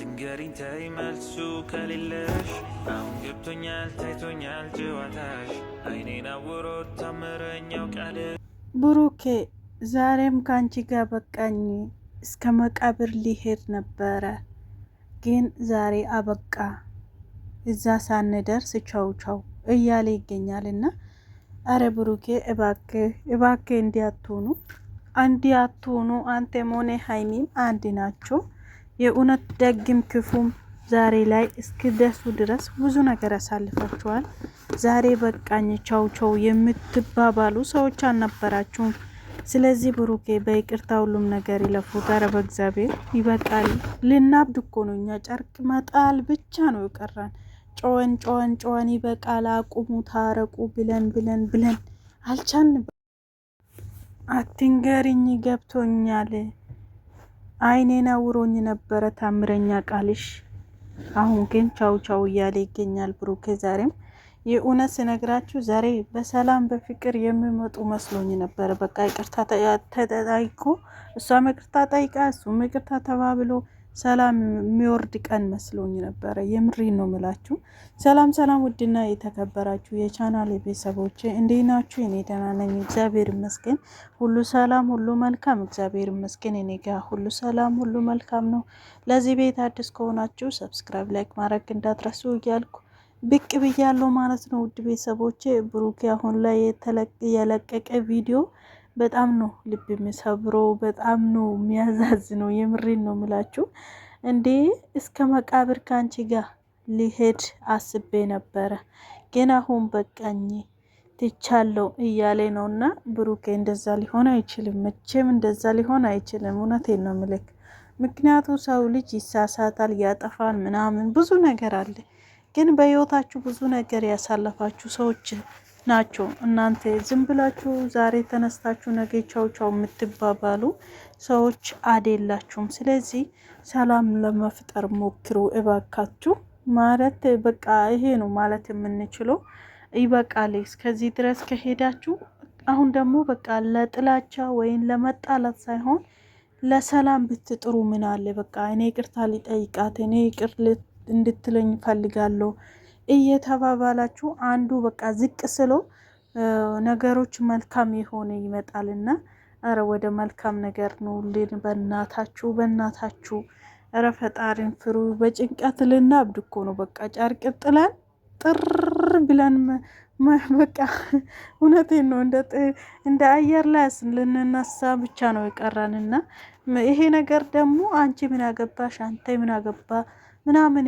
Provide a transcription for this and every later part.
ድንገሪኝ ተይ መልሱ ከሌለሽ አሁን ገብቶኛል ታይቶኛል ጀዋታሽ አይኔን አውሮ ታምረኛው ቃል ብሩኬ ዛሬም ከአንቺ ጋር በቃኝ እስከ መቃብር ሊሄድ ነበረ ግን ዛሬ አበቃ እዛ ሳንደርስ ቸው ቸው እያለ ይገኛልና አረ ብሩኬ እባክ እባክ እንዲያትሆኑ እንዲያትሆኑ አንተ ሞኔ ሀይሚም አንድ ናቸው የእውነት ደግም ክፉም ዛሬ ላይ እስኪደርሱ ድረስ ብዙ ነገር ያሳልፋችኋል። ዛሬ በቃኝ ቻው ቻው የምትባባሉ ሰዎች አልነበራችሁም። ስለዚህ ብሩኬ በይቅርታ ሁሉም ነገር ይለፉ። ጋር በእግዚአብሔር ይበቃል። ልናብድ እኮ ነው እኛ ጨርቅ መጣል ብቻ ነው ይቀራን። ጨወን ጨወን ጨወን ይበቃል። አቁሙ፣ ታረቁ ብለን ብለን ብለን አልቻን። አትንገሪኝ ገብቶኛል። አይኔን አውሮኝ ነበረ ታምረኛ ቃልሽ። አሁን ግን ቻው ቻው እያለ ይገኛል ብሩኬ። ዛሬም የእውነት ስነግራችሁ ዛሬ በሰላም በፍቅር የሚመጡ መስሎኝ ነበረ። በቃ ይቅርታ ተጠይቆ እሷም ይቅርታ ጠይቃ እሱም ይቅርታ ተባብሎ ሰላም የሚወርድ ቀን መስሎኝ ነበረ። የምሪ ነው ምላችሁ። ሰላም ሰላም! ውድና የተከበራችሁ የቻናል ቤተሰቦች እንዴት ናችሁ? እኔ ደህና ነኝ፣ እግዚአብሔር ይመስገን። ሁሉ ሰላም፣ ሁሉ መልካም፣ እግዚአብሔር ይመስገን። እኔ ጋር ሁሉ ሰላም፣ ሁሉ መልካም ነው። ለዚህ ቤት አዲስ ከሆናችሁ ሰብስክራይብ፣ ላይክ ማድረግ እንዳትረሱ እያልኩ ብቅ ብያለሁ ማለት ነው። ውድ ቤተሰቦቼ ብሩኬ አሁን ላይ የለቀቀ ቪዲዮ በጣም ነው ልብ የሚሰብረው፣ በጣም ነው የሚያዛዝነው። የምሬን ነው ምላችሁ እንዴ እስከ መቃብር ካንቺ ጋር ሊሄድ አስቤ ነበረ፣ ግን አሁን በቃኝ ትቻለው እያለ ነው። እና ብሩኬ እንደዛ ሊሆን አይችልም፣ መቼም እንደዛ ሊሆን አይችልም። እውነቴን ነው ምልክ ምክንያቱ ሰው ልጅ ይሳሳታል፣ ያጠፋል፣ ምናምን ብዙ ነገር አለ። ግን በህይወታችሁ ብዙ ነገር ያሳለፋችሁ ሰዎች ናቸው። እናንተ ዝም ብላችሁ ዛሬ ተነስታችሁ ነገ ቻው ቻው የምትባባሉ ሰዎች አዴላችሁም ስለዚህ ሰላም ለመፍጠር ሞክሩ እባካችሁ። ማለት በቃ ይሄ ነው ማለት የምንችለው። ይበቃል። እስከዚህ ድረስ ከሄዳችሁ አሁን ደግሞ በቃ ለጥላቻ ወይም ለመጣላት ሳይሆን ለሰላም ብትጥሩ ምን አለ? በቃ እኔ ይቅርታ ሊጠይቃት እኔ ይቅር እንድትለኝ ፈልጋለሁ እየተባባላችሁ አንዱ በቃ ዝቅ ስሎ ነገሮች መልካም የሆነ ይመጣልና፣ ኧረ ወደ መልካም ነገር ነው በእናታችሁ በእናታችሁ ኧረ ፈጣሪን ፍሩ። በጭንቀት ልናብድ እኮ ነው በቃ ጨርቅ ጥለን ጥር ብለን በቃ እውነቴን ነው እንደ አየር ላይ ልንነሳ ብቻ ነው የቀረንና ይሄ ነገር ደግሞ አንቺ ምን አገባሽ አንተ ምን አገባ ምናምን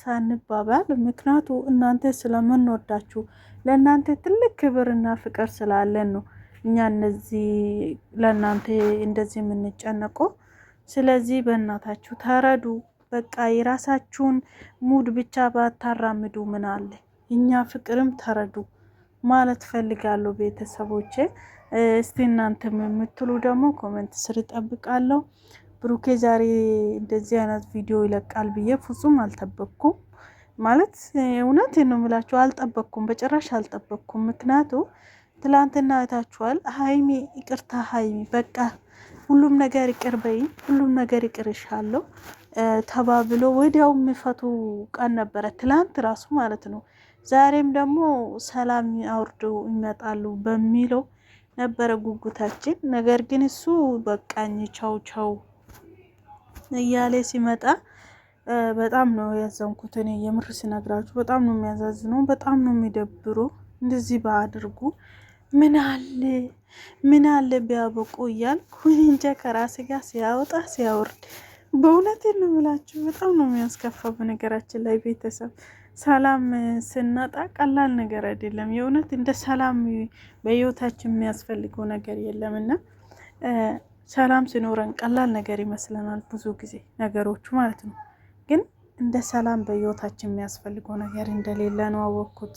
ሳንባባል፣ ምክንያቱ እናንተ ስለምንወዳችሁ ለእናንተ ትልቅ ክብርና ፍቅር ስላለን ነው እኛ እነዚህ ለእናንተ እንደዚህ የምንጨነቀው። ስለዚህ በእናታችሁ ተረዱ። በቃ የራሳችሁን ሙድ ብቻ ባታራምዱ ምን አለ። እኛ ፍቅርም ተረዱ ማለት ፈልጋለሁ ቤተሰቦቼ። እስቲ እናንተም የምትሉ ደግሞ ኮመንት ስር እጠብቃለሁ። ብሩኬ ዛሬ እንደዚህ አይነት ቪዲዮ ይለቃል ብዬ ፍጹም አልጠበቅኩም። ማለት እውነት ነው የምላችሁ አልጠበቅኩም፣ በጭራሽ አልጠበቅኩም። ምክንያቱ ትላንትና አይታችኋል። ሀይሚ ይቅርታ ሀይሚ በቃ ሁሉም ነገር ይቅር በይ፣ ሁሉም ነገር ይቅር ይሻለው ተባብሎ ወዲያው የሚፈቱ ቀን ነበረ፣ ትላንት ራሱ ማለት ነው። ዛሬም ደግሞ ሰላም አውርዶ ይመጣሉ በሚለው ነበረ ጉጉታችን። ነገር ግን እሱ በቃኝ፣ ቻው ቻው እያለ ሲመጣ በጣም ነው ያዘንኩት። እኔ የምር ስነግራችሁ በጣም ነው የሚያዛዝነው፣ በጣም ነው የሚደብሩ። እንደዚህ በአድርጉ ምናለ አለ ቢያበቁ እያልኩ እንጃ ከራሴ ጋር ሲያወጣ ሲያወርድ በእውነት የምላችሁ። በጣም ነው የሚያስከፋ። በነገራችን ላይ ቤተሰብ ሰላም ስናጣ ቀላል ነገር አይደለም። የእውነት እንደ ሰላም በህይወታችን የሚያስፈልገው ነገር የለምና ሰላም ሲኖረን ቀላል ነገር ይመስለናል ብዙ ጊዜ ነገሮቹ ማለት ነው። ግን እንደ ሰላም በህይወታችን የሚያስፈልገው ነገር እንደሌለ ነው አወቅኩት።